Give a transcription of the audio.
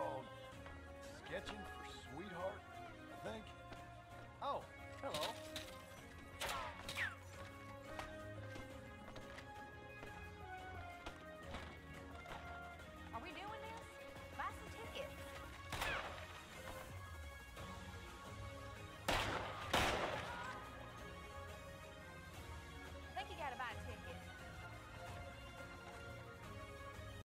called Sketching for Sweetheart